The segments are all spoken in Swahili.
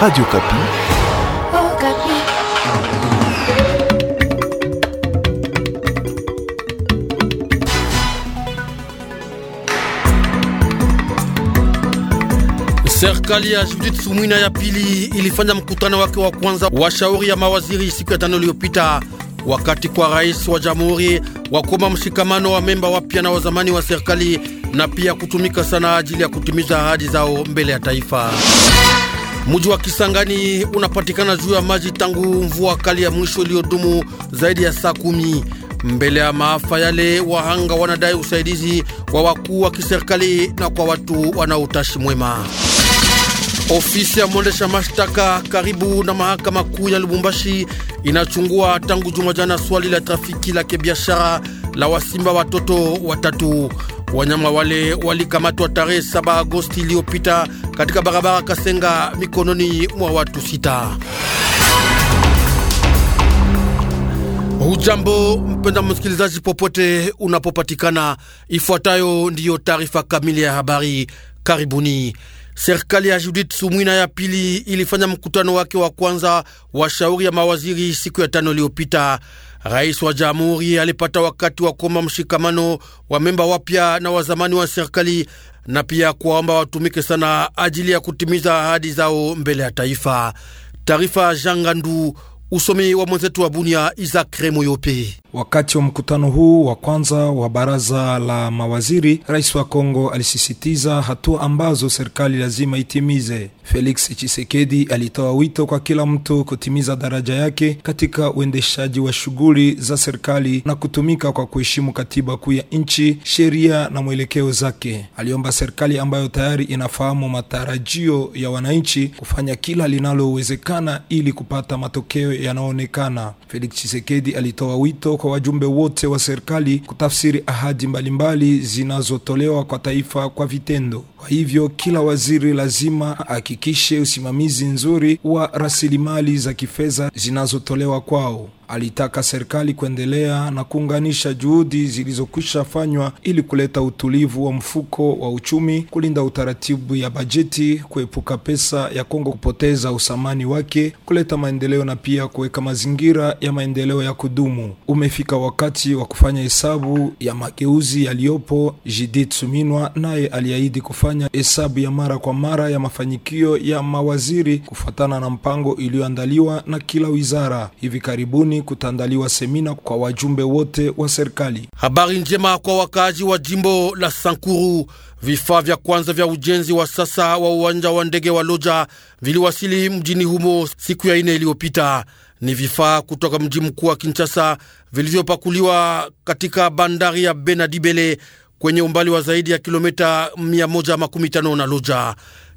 Radio Kapi. Oh, Kapi. Serikali ya Judith sumina ya pili ilifanya mkutano wake wa kwanza wa shauri ya mawaziri siku ya tano iliyopita, wakati kwa rais wa jamhuri wakoma mshikamano wa memba wapya na wazamani wa serikali na pia kutumika sana ajili ya kutimiza ahadi zao mbele ya taifa. Mji wa Kisangani unapatikana juu ya maji tangu mvua kali ya mwisho iliyodumu zaidi ya saa kumi. Mbele ya maafa yale, wahanga wanadai usaidizi wa wakuu wa kiserikali na kwa watu wana mwema. Ofisi ya mwendesha mashtaka karibu na mahakama kuu ya Lubumbashi inachungua tangu juma jana swali la trafiki la kibiashara la wasimba watoto watatu. Wanyama wale walikamatwa tarehe 7 Agosti iliyopita katika barabara Kasenga mikononi mwa watu sita. Ujambo mpenda msikilizaji, popote unapopatikana, ifuatayo ndiyo taarifa kamili ya habari. Karibuni. Serikali ya Judith Sumwina ya pili ilifanya mkutano wake wa kwanza wa shauri ya mawaziri siku ya tano iliyopita. Rais wa jamhuri alipata wakati wa kuomba mshikamano wa memba wapya na wa zamani wa serikali na pia kuwaomba watumike sana ajili ya kutimiza ahadi zao mbele ya taifa. Taarifa Jangandu, usomi wa mwenzetu wa Bunia Isaac Remoyope. Wakati wa mkutano huu wa kwanza wa baraza la mawaziri, rais wa Kongo alisisitiza hatua ambazo serikali lazima itimize. Felix Tshisekedi alitoa wito kwa kila mtu kutimiza daraja yake katika uendeshaji wa shughuli za serikali na kutumika kwa kuheshimu katiba kuu ya nchi, sheria na mwelekeo zake. Aliomba serikali ambayo tayari inafahamu matarajio ya wananchi kufanya kila linalowezekana ili kupata matokeo yanayoonekana. Felix Tshisekedi alitoa wito kwa wajumbe wote wa serikali kutafsiri ahadi mbalimbali zinazotolewa kwa taifa kwa vitendo. Kwa hivyo kila waziri lazima ahakikishe usimamizi nzuri wa rasilimali za kifedha zinazotolewa kwao. Alitaka serikali kuendelea na kuunganisha juhudi zilizokwisha fanywa ili kuleta utulivu wa mfuko wa uchumi, kulinda utaratibu ya bajeti, kuepuka pesa ya Kongo kupoteza usamani wake, kuleta maendeleo na pia kuweka mazingira ya maendeleo ya kudumu. Umefika wakati wa kufanya hesabu ya mageuzi yaliyopo. Judith Suminwa naye aliahidi kufanya kufanya hesabu ya mara kwa mara ya mafanikio ya mawaziri kufuatana na mpango iliyoandaliwa na kila wizara. Hivi karibuni kutaandaliwa semina kwa wajumbe wote wa serikali. Habari njema kwa wakaaji wa jimbo la Sankuru. Vifaa vya kwanza vya ujenzi wa sasa wa uwanja wa ndege wa Loja viliwasili mjini humo siku ya ine iliyopita. Ni vifaa kutoka mji mkuu wa Kinshasa vilivyopakuliwa katika bandari ya Benadibele kwenye umbali wa zaidi ya kilomita 115 na Luja.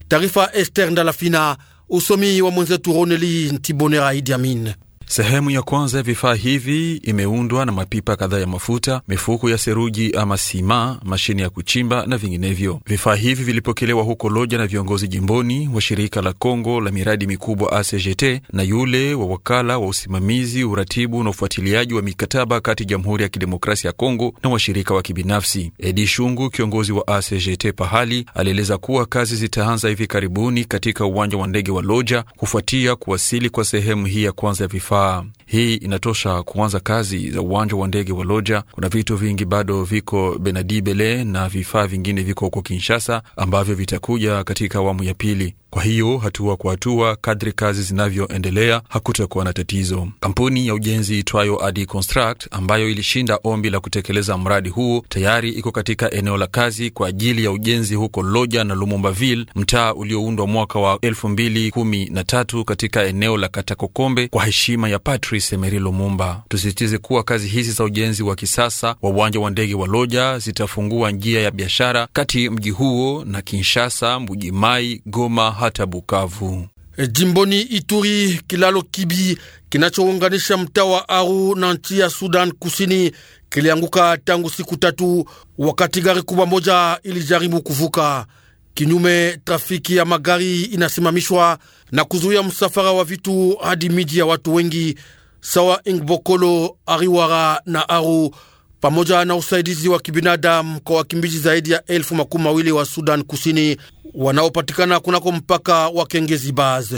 Taarifa Ester Ndalafina, usomi wa mwenzetu Roneli Ntibonera Idi Amin. Sehemu ya kwanza ya vifaa hivi imeundwa na mapipa kadhaa ya mafuta, mifuko ya seruji ama sima, mashine ya kuchimba na vinginevyo. Vifaa hivi vilipokelewa huko Loja na viongozi jimboni wa shirika la Kongo la miradi mikubwa ACGT na yule wa wakala wa usimamizi, uratibu na ufuatiliaji wa mikataba kati ya Jamhuri ya Kidemokrasia ya Kongo na washirika wa kibinafsi. Edi Shungu, kiongozi wa ACGT pahali, alieleza kuwa kazi zitaanza hivi karibuni katika uwanja wa ndege wa Loja kufuatia kuwasili kwa sehemu hii ya kwanza ya vifaa hii inatosha kuanza kazi za uwanja wa ndege wa Loja. Kuna vitu vingi bado viko Benadi Bele na vifaa vingine viko huko Kinshasa ambavyo vitakuja katika awamu ya pili. Kwa hiyo hatua kwa hatua, kadri kazi zinavyoendelea, hakutakuwa na tatizo. Kampuni ya ujenzi itwayo Adi Construct ambayo ilishinda ombi la kutekeleza mradi huu tayari iko katika eneo la kazi kwa ajili ya ujenzi huko Loja na Lumumbaville, mtaa ulioundwa mwaka wa 2013 katika eneo la Katakokombe kwa heshima ya Patrice Emery Lumumba. Tusisitize kuwa kazi hizi za ujenzi wa kisasa wa uwanja wa ndege wa Loja zitafungua njia ya biashara kati mji huo na Kinshasa, Mbujimai, Goma hata Bukavu. E, jimboni Ituri, kilalo Kibi kinachounganisha mtaa wa Aru na nchi ya Sudan Kusini kilianguka tangu siku tatu, wakati gari kubwa moja ilijaribu kuvuka. Kinyume, trafiki ya magari inasimamishwa na kuzuia msafara wa vitu hadi miji ya watu wengi sawa Ingbokolo, Ariwara na Aru pamoja na usaidizi wa kibinadamu kwa wakimbizi zaidi ya elfu makumi mawili wa Sudan Kusini wanaopatikana kunako mpaka wa Kengezi Baz.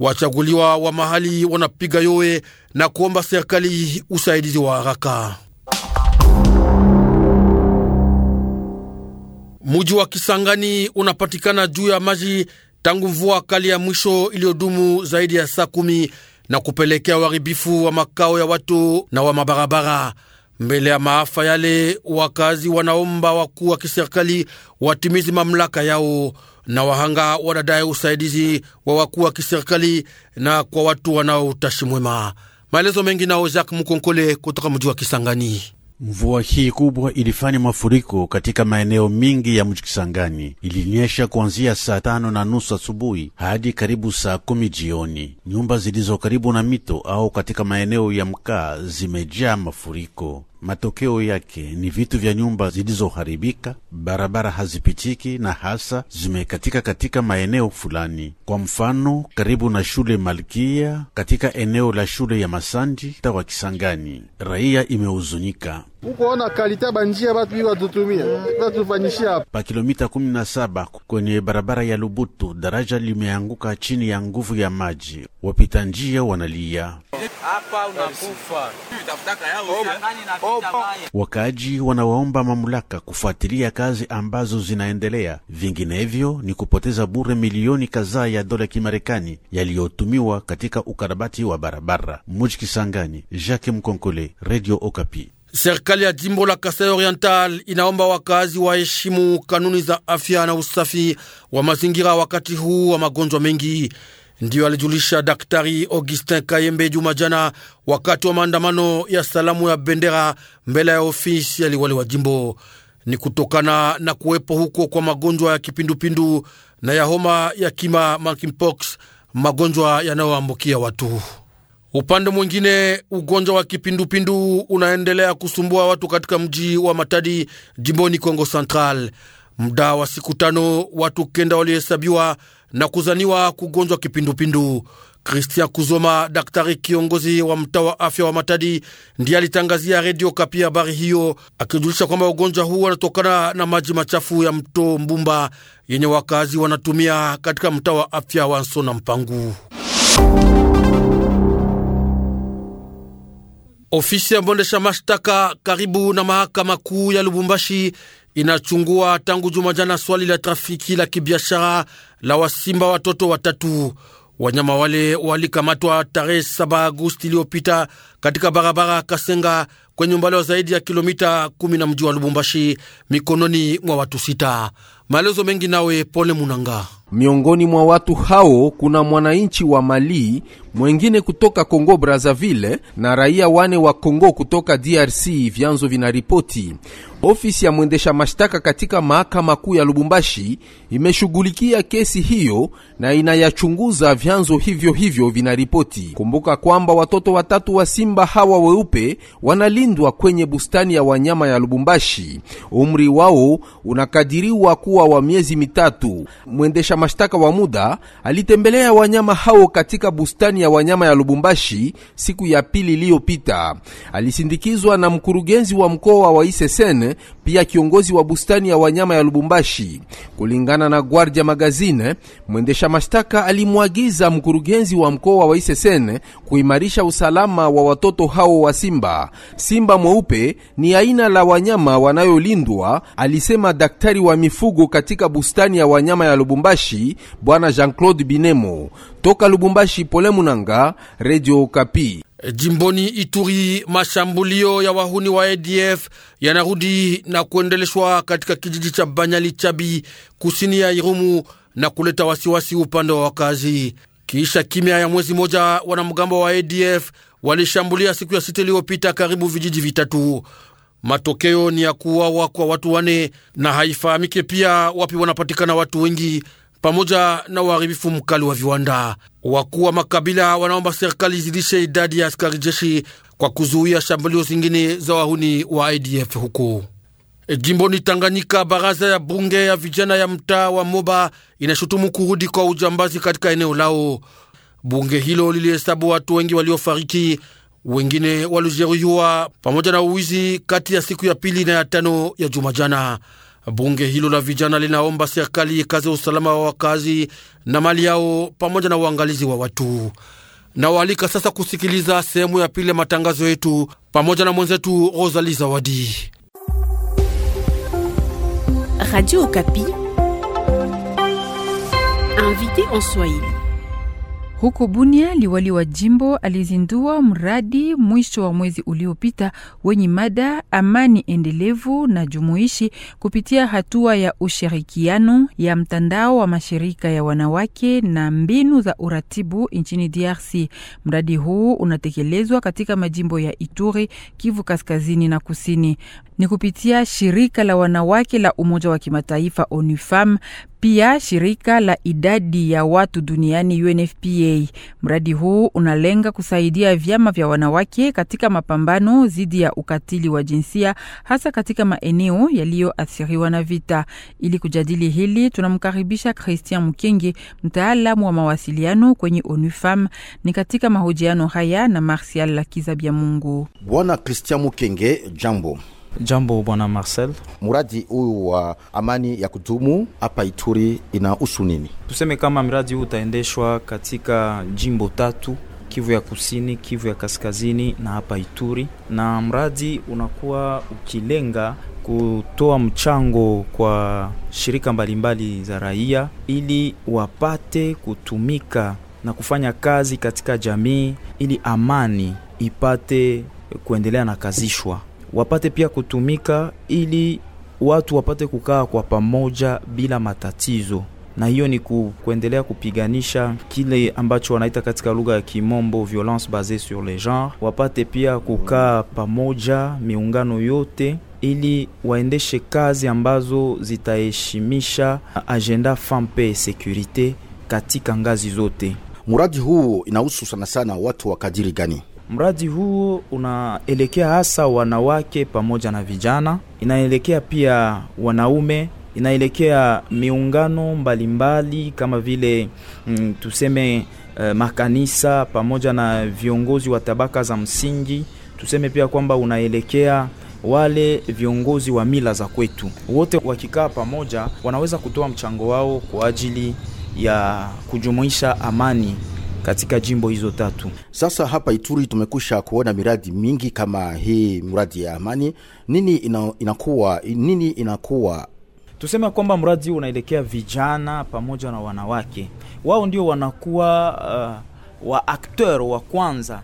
Wachaguliwa wa mahali wanapiga yowe na kuomba serikali usaidizi wa haraka. Muji wa Kisangani unapatikana juu ya maji tangu mvua kali ya mwisho iliyodumu zaidi ya saa kumi na kupelekea uharibifu wa makao ya watu na wa mabarabara. Mbele ya maafa yale, wakazi wanaomba wakuu wa kiserikali watimize mamlaka yao, na wahanga wanadai usaidizi wa wakuu wa kiserikali na kwa watu wanaoutashi mwema. Maelezo mengi nao Jacques Mukonkole kutoka mji wa Kisangani. Mvua hii kubwa ilifanya mafuriko katika maeneo mingi ya mji Kisangani. Ilinyesha kuanzia saa tano na nusu asubuhi hadi karibu saa kumi jioni. Nyumba zilizo karibu na mito au katika maeneo ya mkaa zimejaa mafuriko. Matokeo yake ni vitu vya nyumba zilizoharibika, barabara hazipitiki na hasa zimekatika katika maeneo fulani. Kwa mfano, karibu na shule Malkia katika eneo la shule ya Masandi tawa Kisangani, raia imehuzunika ukuona kalita banjia batu bi batutumia batufanyishia pa kilomita kumi na saba kwenye barabara ya Lubutu, daraja limeanguka chini ya nguvu ya maji. Wapita njia wanalia hapa unakufa Wakaaji wanawaomba mamlaka kufuatilia kazi ambazo zinaendelea, vinginevyo ni kupoteza bure milioni kadhaa ya dola Kimarekani yaliyotumiwa katika ukarabati wa barabara. Muji Kisangani, Jacques Mkonkole, Radio Okapi. Serikali ya jimbo la Kasai Oriental inaomba wakazi waheshimu kanuni za afya na usafi wa mazingira wakati huu wa magonjwa mengi. Ndiyo alijulisha Daktari Augustin Kayembe juma jana wakati wa maandamano ya salamu ya bendera mbele ya ofisi ya liwali wa jimbo. Ni kutokana na kuwepo huko kwa magonjwa ya kipindupindu na ya homa ya kima monkeypox, magonjwa yanayoambukia watu. Upande mwingine, ugonjwa wa kipindupindu unaendelea kusumbua watu katika mji wa Matadi jimboni Kongo Central. Mda wa siku tano watu kenda waliohesabiwa na kuzaniwa kugonjwa kipindupindu. Christian Kuzoma, daktari kiongozi wa mtaa wa afya wa Matadi, ndiye alitangazia redio Kapi habari hiyo, akijulisha kwamba ugonjwa huu wanatokana na maji machafu ya mto Mbumba yenye wakazi wanatumia katika mtaa wa afya wa Nsona Mpangu. Ofisi ya mwendesha mashtaka karibu na mahakama kuu ya Lubumbashi inachungua tangu Jumajana swali la trafiki la kibiashara la wasimba watoto watatu. Wanyama wale walikamatwa tarehe 7 Agosti iliyopita katika barabara Kasenga kwenye umbali wa zaidi ya kilomita kumi na mji wa Lubumbashi mikononi mwa watu sita. Maelezo mengi nawe Pole Munanga. Miongoni mwa watu hao kuna mwananchi wa Mali, mwengine kutoka congo Brazzaville na raia wane wa congo kutoka DRC, vyanzo vinaripoti. Ofisi ya mwendesha mashtaka katika mahakama kuu ya Lubumbashi imeshughulikia kesi hiyo na inayachunguza, vyanzo hivyo hivyo vinaripoti. Kumbuka kwamba watoto watatu wa simba hawa weupe wanalindwa kwenye bustani ya wanyama ya Lubumbashi. Umri wao unakadiriwa kuwa wa miezi mitatu. Mwendesha mashtaka wa muda alitembelea wanyama hao katika bustani ya wanyama ya Lubumbashi siku ya pili iliyopita. Alisindikizwa na mkurugenzi wa mkoa wa Isesen pia kiongozi wa bustani ya wanyama ya Lubumbashi. Kulingana na Guardia Magazine, mwendesha mashtaka alimwagiza mkurugenzi wa mkoa wa Isesen kuimarisha usalama wa watoto hao wa simba. Simba mweupe ni aina la wanyama wanayolindwa, alisema daktari wa mifugo katika bustani ya wanyama ya Lubumbashi, Bwana Jean-Claude Binemo. Toka Lubumbashi, Pole Munanga, Radio Kapi. Jimboni Ituri, mashambulio ya wahuni wa ADF yanarudi na kuendeleshwa katika kijiji cha Banyali Chabi kusini ya Irumu na kuleta wasiwasi upande wa wakazi. Kisha kimya ya mwezi moja, wanamgambo wa ADF walishambulia siku ya sita iliyopita karibu vijiji vitatu. Matokeo ni ya kuuawa kwa watu wane na haifahamike pia wapi wanapatikana watu wengi pamoja na uharibifu mkali wa viwanda. Wakuu wa makabila wanaomba serikali izidishe idadi ya askari jeshi kwa kuzuia shambulio zingine za wahuni wa ADF huku e, jimboni Tanganyika. Baraza ya bunge ya vijana ya mtaa wa Moba inashutumu kurudi kwa ujambazi katika eneo lao. Bunge hilo lilihesabu watu wengi waliofariki, wengine waliojeruhiwa, pamoja na uwizi kati ya siku ya pili na ya tano ya juma jana. Bunge hilo la vijana linaomba serikali ikaze usalama wa wakazi na mali yao pamoja na uangalizi wa watu. Nawaalika sasa kusikiliza sehemu ya pili ya matangazo yetu pamoja na mwenzetu Rosali Zawadi, Radio Okapi, invité en Swahili. Huko Bunia, liwali wa jimbo alizindua mradi mwisho wa mwezi uliopita wenye mada amani endelevu na jumuishi kupitia hatua ya ushirikiano ya mtandao wa mashirika ya wanawake na mbinu za uratibu nchini DRC. Mradi huu unatekelezwa katika majimbo ya Ituri, Kivu kaskazini na kusini ni kupitia shirika la wanawake la Umoja wa Kimataifa ONUFAM, pia shirika la idadi ya watu duniani UNFPA. Mradi huu unalenga kusaidia vyama vya wanawake katika mapambano dhidi ya ukatili wa jinsia, hasa katika maeneo yaliyoathiriwa na vita. Ili kujadili hili, tunamkaribisha Christian mkenge mtaalamu wa mawasiliano kwenye ONUFAM. Ni katika mahojiano haya na Martial Lakizabia Mungu. Bwana Christian Mukenge, jambo. Jambo bwana Marcel. Mradi huyu wa amani ya kudumu hapa Ituri inahusu nini? Tuseme kama mradi huu utaendeshwa katika jimbo tatu, Kivu ya Kusini, Kivu ya Kaskazini na hapa Ituri, na mradi unakuwa ukilenga kutoa mchango kwa shirika mbalimbali za raia ili wapate kutumika na kufanya kazi katika jamii ili amani ipate kuendelea na kazishwa wapate pia kutumika ili watu wapate kukaa kwa pamoja bila matatizo, na hiyo ni ku, kuendelea kupiganisha kile ambacho wanaita katika lugha ya Kimombo violence basee sur le genre. Wapate pia kukaa pamoja miungano yote ili waendeshe kazi ambazo zitaheshimisha agenda fampe sécurité katika ngazi zote. Muradi huu inahusu sana sana watu wa kadiri gani? Mradi huo unaelekea hasa wanawake pamoja na vijana, inaelekea pia wanaume, inaelekea miungano mbalimbali mbali, kama vile mm, tuseme eh, makanisa pamoja na viongozi wa tabaka za msingi. Tuseme pia kwamba unaelekea wale viongozi wa mila za kwetu. Wote wakikaa pamoja, wanaweza kutoa mchango wao kwa ajili ya kujumuisha amani katika jimbo hizo tatu. Sasa hapa Ituri tumekusha kuona miradi mingi kama hii mradi ya amani. Nini ina, inakuwa nini inakuwa tuseme kwamba mradi huu unaelekea vijana pamoja na wanawake, wao ndio wanakuwa uh, wa akteur wa kwanza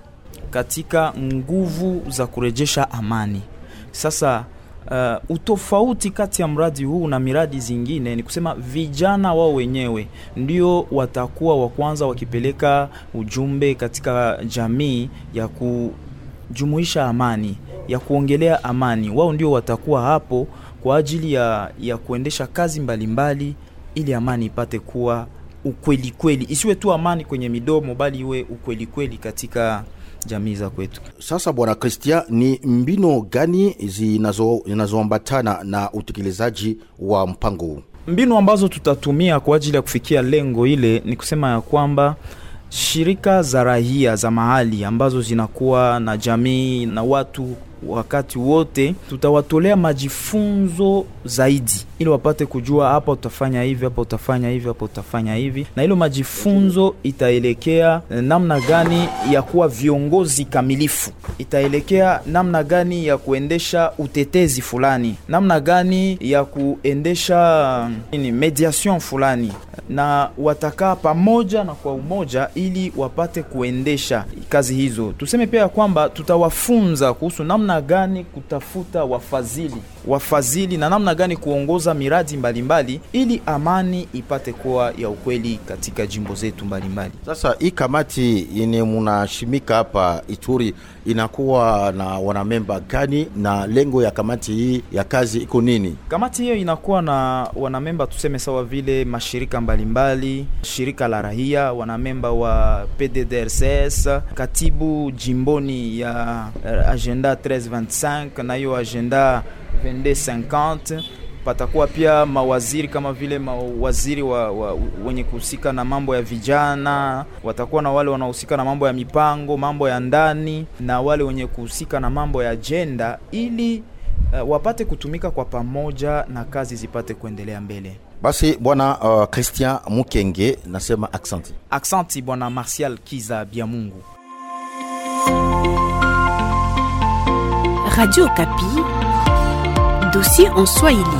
katika nguvu za kurejesha amani. Sasa Uh, utofauti kati ya mradi huu na miradi zingine ni kusema vijana wao wenyewe ndio watakuwa wa kwanza wakipeleka ujumbe katika jamii ya kujumuisha amani, ya kuongelea amani. Wao ndio watakuwa hapo kwa ajili ya, ya kuendesha kazi mbalimbali mbali, ili amani ipate kuwa ukweli kweli, isiwe tu amani kwenye midomo, bali iwe ukweli kweli katika jamii za kwetu. Sasa Bwana Kristia, ni mbino gani zinazoambatana na utekelezaji wa mpango huu? Mbinu ambazo tutatumia kwa ajili ya kufikia lengo ile ni kusema ya kwamba shirika za raia za mahali ambazo zinakuwa na jamii na watu wakati wote tutawatolea majifunzo zaidi, ili wapate kujua, hapa utafanya hivi, hapa utafanya hivi, hapa utafanya hivi, na hilo majifunzo itaelekea namna gani ya kuwa viongozi kamilifu, itaelekea namna gani ya kuendesha utetezi fulani, namna gani ya kuendesha ini, mediation fulani na watakaa pamoja na kwa umoja ili wapate kuendesha kazi hizo. Tuseme pia ya kwamba tutawafunza kuhusu namna gani kutafuta wafadhili wafadhili na namna gani kuongoza miradi mbalimbali mbali, ili amani ipate kuwa ya ukweli katika jimbo zetu mbalimbali. Sasa hii kamati yenye mnashimika hapa Ituri inakuwa na wanamemba gani na lengo ya kamati hii ya kazi iko nini? Kamati hiyo inakuwa na wanamemba tuseme sawa vile mashirika mbalimbali mbali, shirika la rahia, wanamemba wa PDDRCS, katibu jimboni ya eh, agenda 1325 na hiyo agenda 2250 patakuwa pia mawaziri kama vile mawaziri wa, wa, wenye kuhusika na mambo ya vijana, watakuwa na wale wanaohusika na mambo ya mipango, mambo ya ndani na wale wenye kuhusika na mambo ya ajenda, ili uh, wapate kutumika kwa pamoja na kazi zipate kuendelea mbele. Basi bwana uh, Christian Mukenge, nasema aksanti, aksanti bwana Martial Kiza mungu Radio Kapi dossier en Swahili.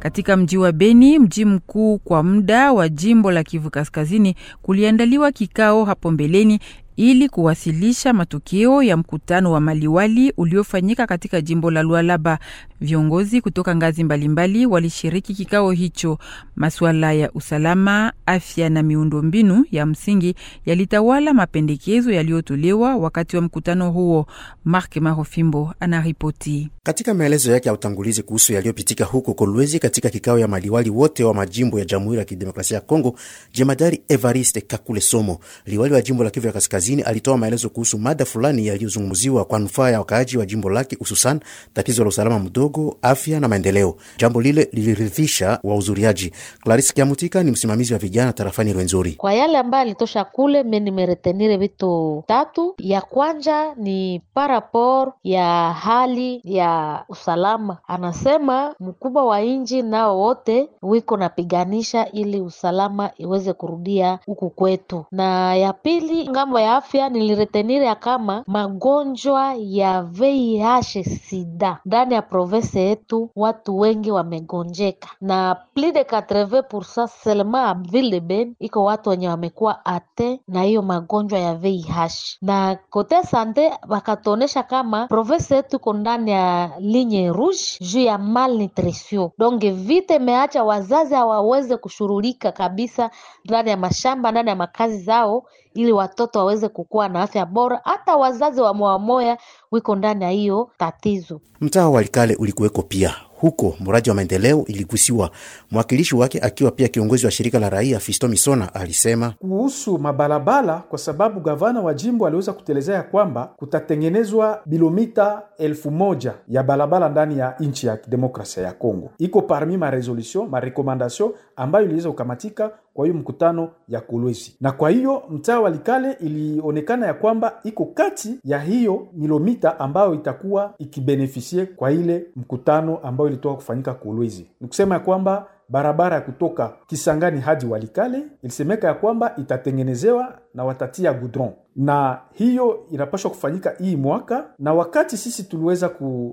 Katika mji wa Beni, mji mkuu kwa muda wa jimbo la Kivu Kaskazini, kuliandaliwa kikao hapo mbeleni ili kuwasilisha matokeo ya mkutano wa maliwali uliofanyika katika jimbo la Lualaba. Viongozi kutoka ngazi mbalimbali walishiriki kikao hicho. Masuala ya usalama, afya na miundombinu ya msingi yalitawala mapendekezo yaliyotolewa wakati wa mkutano huo. Mark Marofimbo anaripoti katika maelezo yake ya utangulizi kuhusu yaliyopitika huko Kolwezi katika kikao ya maliwali wote wa majimbo ya Jamhuri ya Kidemokrasia ya Kongo. Jemadari Evariste Kakule Somo, liwali wa jimbo la Kivu ya Kaskazini, alitoa maelezo kuhusu mada fulani yaliyozungumziwa kwa nufaa ya wakaaji wa jimbo lake, hususan tatizo la usalama mdogo midogo, afya na maendeleo. Jambo lile liliridhisha wahudhuriaji. Clarisse Kiamutika ni msimamizi wa vijana tarafani Rwenzori. Kwa yale ambayo alitosha kule, me nimeretenire vitu tatu. Ya kwanja ni parapor ya hali ya usalama, anasema mkubwa wa nji nao wote wiko napiganisha ili usalama iweze kurudia huku kwetu, na ya pili ngambo ya afya niliretenire ya kama magonjwa ya VIH sida ndani ya province pesa yetu, watu wengi wamegonjeka, na plus de 80% seulement ville de ben iko watu wenye wamekuwa ate na hiyo magonjwa ya VIH, na kote sante wakatuonesha kama province yetu iko ndani ya linye rouge juu ya malnutrition. donge vite imeacha wazazi hawaweze kushurulika kabisa ndani ya mashamba, ndani ya makazi zao ili watoto waweze kukua na afya bora, hata wazazi wa moamoya wiko ndani ya hiyo tatizo. Mtaa wa Likale ulikuweko pia huko mradi wa maendeleo iligusiwa. Mwakilishi wake akiwa pia kiongozi wa shirika la raia Fisto Misona alisema kuhusu mabarabara, kwa sababu gavana wa jimbo aliweza kuteleza ya kwamba kutatengenezwa bilomita elfu moja ya barabara ndani ya nchi ya demokrasia ya Kongo. Iko parmi maresolution marekomandation ambayo iliweza kukamatika kwa hiyo mkutano ya Kolwezi, na kwa hiyo mtaa wa Likale ilionekana ya kwamba iko kati ya hiyo milomita ambayo itakuwa ikibenefisie kwa ile mkutano ambayo ilitoka kufanyika Kolwezi. Ni kusema ya kwamba barabara ya kutoka Kisangani hadi Walikale ilisemeka ya kwamba itatengenezewa na watatia gudron, na hiyo inapaswa kufanyika hii mwaka. Na wakati sisi tuliweza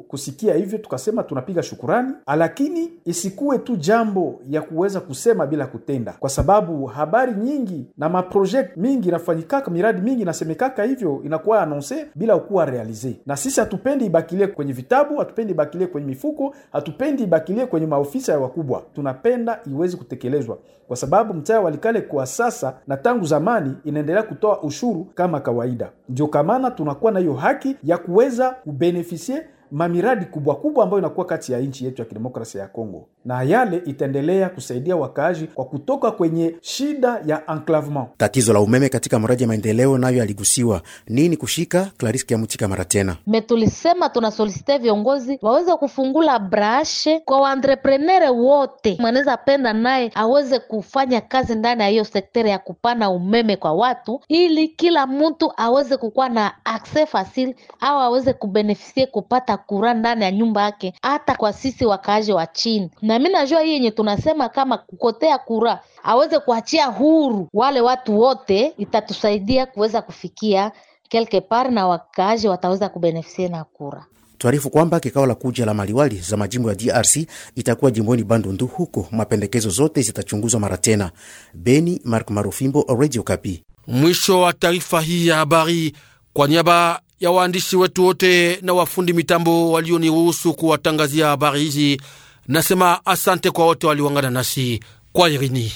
kusikia hivyo, tukasema tunapiga shukurani, lakini isikuwe tu jambo ya kuweza kusema bila kutenda, kwa sababu habari nyingi na maprojekt mingi inafanyikaka, miradi mingi inasemekaka hivyo, inakuwa anonse bila kuwa realize. Na sisi hatupendi ibakilie kwenye vitabu, hatupendi ibakilie kwenye mifuko, hatupendi ibakilie kwenye maofisa ya wakubwa, tunapenda iwezi kutekelezwa, kwa sababu mtaa Walikale kwa sasa na tangu zamani ina wataendelea kutoa ushuru kama kawaida. Ndio kamana tunakuwa na hiyo haki ya kuweza kubenefisie mamiradi kubwa kubwa ambayo inakuwa kati ya nchi yetu ya kidemokrasia ya Kongo, na yale itaendelea kusaidia wakaaji kwa kutoka kwenye shida ya enclavement. Tatizo la umeme katika mradi ya maendeleo nayo yaligusiwa. Nini kushika Clarisse Kiamutika mara tena metulisema, tunasolisite viongozi waweze kufungula brashe kwa waantreprenere wote, mwanaweza penda naye aweze kufanya kazi ndani ya hiyo sektere ya kupana umeme kwa watu, ili kila mtu aweze kukuwa na akses fasili au aweze kubenefisie kupata kura ndani ya nyumba yake, hata kwa sisi wakaaji wa chini. Na mi najua hii yenye tunasema kama kukotea kura aweze kuachia huru wale watu wote, itatusaidia kuweza kufikia quelque part na wakaaji wataweza kubenefisia na kura. Tuarifu kwamba kikao la kuja la maliwali za majimbo ya DRC itakuwa jimboni Bandundu, huko mapendekezo zote zitachunguzwa mara tena. Beni, Mark Marufimbo, Radio Kapi. Mwisho wa taarifa hii ya habari kwa niaba ya waandishi wetu wote na wafundi mitambo walioniruhusu kuwatangazia habari hizi. Nasema asante kwa wote waliwangana nasi kwa irini.